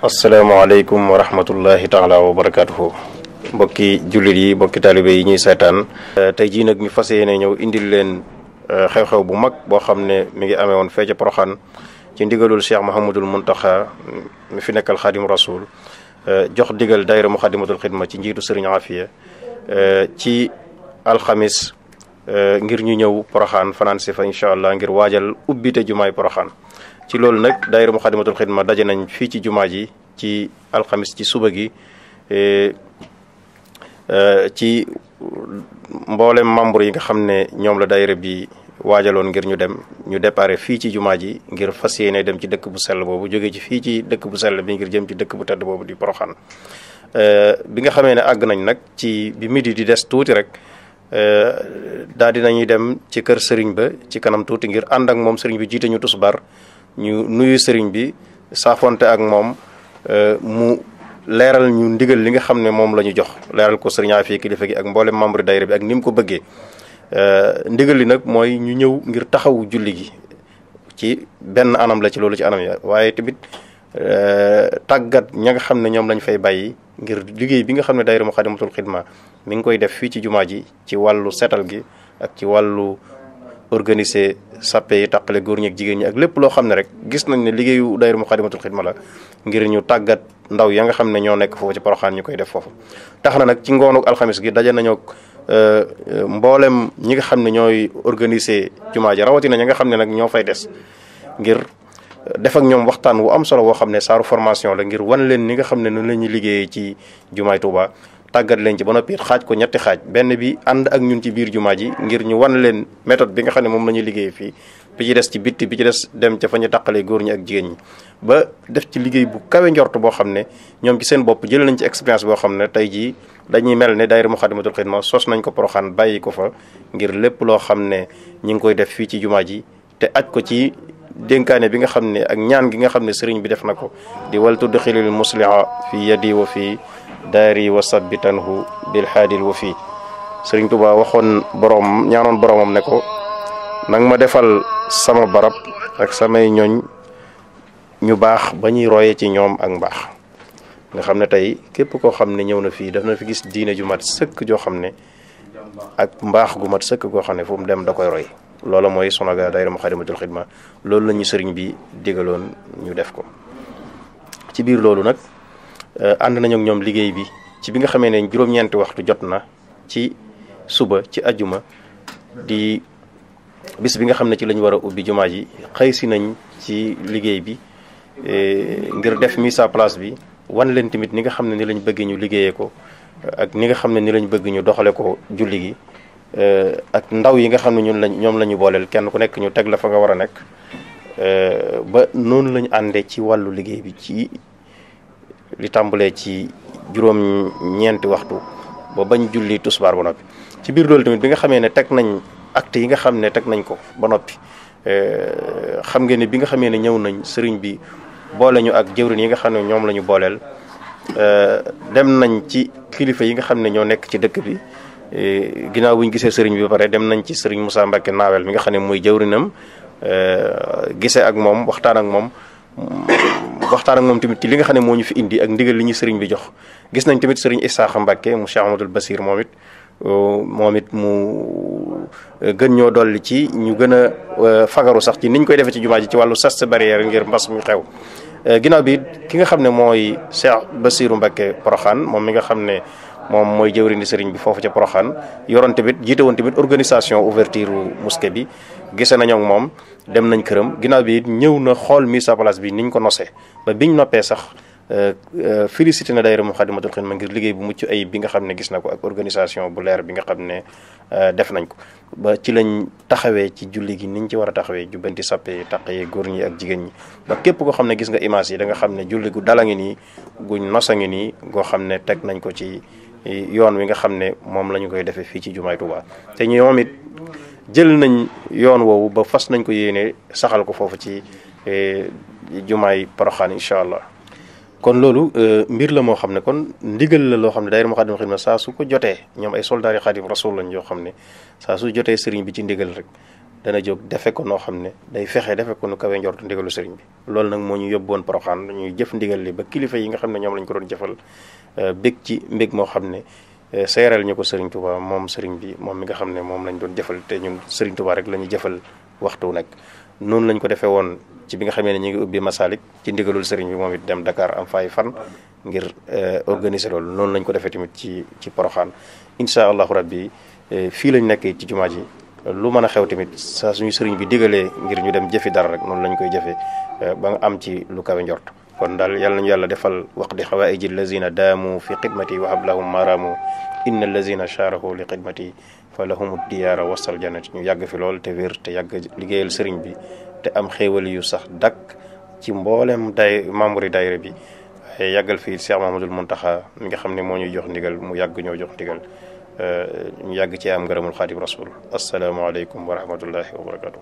asalaamaaleykum wa rahmatullahi taala wa barakaatuhu mbokki jullit yi mbokki taalibe yi ñuy seetaan eh, tey jii nag ñu fas yéene ñëw indil leen eh, xew-xew bu mag boo xam ne mi ngi amee woon fee ca Poroxaan ci ndigalul Cheikh Mahamadul Muntaxa mi fi nekkal xaadim rasul eh, jox digal daayira Muxaddamatul Xidma ci njiitu sëriñ Afiya ci alxamis ngir ñu ñëw Poroxaan fanaan si fa allah ngir waajal ubbite jumaay Poroxaan ci loolu nag daayira Muxaddamatul Xidma daje nañ fii ci jumaa ji ci alxamis ci suba gi e, e, ci mboolem membre yi nga xam ne ñoom la dayre bi waajaloon ngir ñu dem ñu déparé fii ci jumaa ji ngir fas yéene dem ci dëkk bu sell boobu jóge ci fii ci dëkk bu sell bi ngir jëm ci dëkk bu tedd boobu di Poroxaan e, bi nga xamee ne àgg nañ nag ci bi midi di des tuuti rek daal nañuy dem ci kër sëriñ ba ci kanam tuuti ngir ànd ak moom sëriñ bi jiite ñu bar ñu nuyu sëriñ bi saafonte ak moom euh, mu leeral ñu ndigal li nga xam ne moom la ñu jox leeral ko sëriñ Afia kilifa gi ak mboolem membre daayira bi ak ni mu ko bëggee euh, ndigal li nag mooy ñu ñëw ngir taxawu julli gi ci benn anam la ci loolu ci anam ya waaye tamit euh, tàggat ña nga xam ne ñoom lañ fay bàyyi ngir liggéey bi nga xam ne daayira Muxaddamatul Xidma mi ngi koy def fii ci jumaa ji ci wàllu setal gi ak ci wàllu organiser sappe yi tàqale góor ñi jigéen ñi ak lépp loo xam ne rek gis nañ ne liggéeyu daayira Muxaddamatul Xidma la ngir ñu tàggat ndaw ya nga xam ne ñoo nekk foofu ci xaan ñu koy def foofu tax na nag ci ngoonu alxamis gi daje nañoo euh, euh, mboolem ñi nga xam ne ñooy organiser jumaa ji rawatina ñi nga xam ne nag ñoo fay des ngir def ak ñoom waxtaan wu am solo woo xam ne saaru formation la ngir wan leen ni nga xam ne noonu la ñuy liggéeyee ci jumaay Tuuba tàggat leen ci ba noppi xaaj ko ñetti xaaj benn bi ànd ak ñun ci biir jumaa ji ngir ñu wan leen méthode bi nga xam ne moom la ñuy liggéey fii bi ci des ci bitti bi ci des dem ca fa ñu tàqalee góor ñi ak jigéen ñi ba def ci liggéey bu kawe njort boo xam ne ñoom ci seen bopp jël nañ ci expérience boo xam ne tey jii dañuy mel ne daayira Muxaddamatul ma soos nañ ko Poroxaan bàyyi ko fa ngir lépp loo xam ne ñi ngi koy def fii ci jumaa ji te aj ko ci dénkaane bi nga xam ne ak ñaan gi nga xam ne sëriñ bi def na ko di wal tudxilil musliha fi yadi wa fi daari wa sabbitanhu bil haadil wafi sëriñ Tuubaa waxoon boroom ñaanoon boroomam ne ko nang ma defal sama barab ak samay ñoñ ñu baax ba ñuy roye ci ñoom ak mbaax nga xam ne tey képp koo xam ne ñëw na fii daf na fi gis diine ju mat sëkk joo xam ne ak mbaax gu mat sëkk goo xam ne fu mu dem da koy roy loola mooy sonaga daayira Muxaddamatul Xidma loolu la ñu sëriñ bi digaloon ñu def ko ci biir loolu nag Euh, ànd nañu ak ñoom liggéey bi ci bi nga xamee ne juróom-ñeenti waxtu jot na ci suba ci ajuma di bis bi nga xam ne ci lañu war a ubbi jumaa ji xëy si nañ ci liggéey bi euh, ngir def mise à place bi wan leen tamit ni nga xam ne ni lañ bëgg ñu liggéeyee ko ak ni nga xam ne ni lañ bëgg ñu doxale ko julli gi euh, ak ndaw yi nga xam ne ñun lañ ñoom la ñu booleel kenn ku nekk ñu teg la fa nga war a nekk ba noonu lañu àndee ci wàllu liggéey bi ci li tàmbalee ci juróom ñeenti waxtu ba bañ julli tusbaar ba noppi ci biir doolu tamit bi nga xamee ne teg nañ acte yi nga xam ne teg nañ ko ba noppi euh, xam nga ne bi nga xamee ne ñëw nañ sëriñ bi boole ñu ak jëwrin yi nga xam ne ñoom la ñu booleel euh, dem nañ ci kilifa yi nga xam ne ñoo nekk ci dëkk bi euh, ginnaaw bu ñu gisee sëriñ bi ba pare dem nañ ci sëriñ Moussa Mbacke naawel mi nga xam ne mooy jëwrinam gisee ak moom waxtaan ak moom waxtaan ak moom tamit ci li nga xam ne moo ñu fi indi ak ndigal li ñu sëriñ bi jox gis nañ tamit sëriñ Isaaxa Mbàkke mu Cheikh Amadou Basir moom it moom it mu euh, gën ñoo dolli ci ñu gën a euh, fagaru sax ci niñ koy defee ci jumaa ji ci wàllu sas barrière ngir mbas mu xew euh, ginnaaw bi ki nga xam ne mooy Cheikh Basiru Mbàkke Poroxaan moom mi nga xam ne moom mooy jëwriñu sëriñ bi foofu ca Poroxaan yoroon tamit jiite woon tamit organisation ouverture mosquée bi gise nañoo ak moom dem nañ këram ginnaaw bi it ñëw na xool mise à place bi niñ ko nosee ba biñ noppee sax euh, euh, félicité na daayira Moukhaddamatoul Khidma ngir liggéey bu mucc ayib bi nga xam ne gis na ko ak organisation bu leer bi nga xam ne euh, def nañ ko ba ci lañ taxawee ci julli gi niñ ci war a taxawee jubbanti sappe taqee góor ñi ak jigéen ñi ba képp koo xam ne gis nga image yi da nga xam ne julli gu dala ngi nii guñ nosa ngi nii goo xam ne teg nañ ko ci yoon wi nga xam ne moom la ñu koy defee fii ci jumaay Tuubaa te ñoom it jël nañ yoon woowu ba fas nañ ko yéene saxal ko foofu ci e, jumaay Poroxaan incha allah. kon loolu e, mbir la moo xam ne kon ndigal la loo xam ne daayira Muxaddamatul Xidma saa su ko jotee ñoom ay soldaari Xaadim Rasuul lañ yoo xam ne saa su jotee sëriñ bi ci ndigal rek. dana jóg defe ko noo xam ne day fexe defe ko nu kawe njortu ndigalu sëriñ bi loolu nag moo ñu yóbboon Poroxaan ñuy jëf ndigal li ba kilifa yi nga xam ne ñoom lañ ko doon jëfal euh, bég ci mbég moo xam ne euh, seeral ñu ko sëriñ Touba moom sëriñ bi moom mi nga xam ne moom lañ doon jëfal te ñun rek la ñu jëfal waxtu nag noonu lañ ko defee woon ci bi nga xamee ne ñu ngi ubbi Masalik ci ndigalul sëriñ bi moom it dem dakaar am fay fan ngir euh, organiser loolu noonu lañ ko defee tamit ci ci Poroxaan incha allahu rabbi fii lañ nekk ci jumaa ji lu mën a xew tamit saa suñu sëriñ bi digalee ngir ñu dem jëfi dara rek noonu lañ koy jëfee eh, ba nga am ci lu kawe njort kon daal yàlla nañu yàlla defal di waqdi xawaaiji allazina daamu fi xidmati wa hablahum maraamu inna allazina shaarahu li xidmati fa la lahum diyaara wasal jannati ñu yàgg fi lool te wér te yàgg liggéeyal sëriñ bi te am xéewal yu sax dakk ci mboolem day membre yi daayira bi waaye yàggal fii Cheikh Mahmadul Muntaxa mi nga xam ne moo ñuy jox ndigal mu yàgg ñoo jox ndigal ñu yàgg ci am ngërëmul xaadim rasul asalaamaaleykum wa rahmatullahi wa barakatu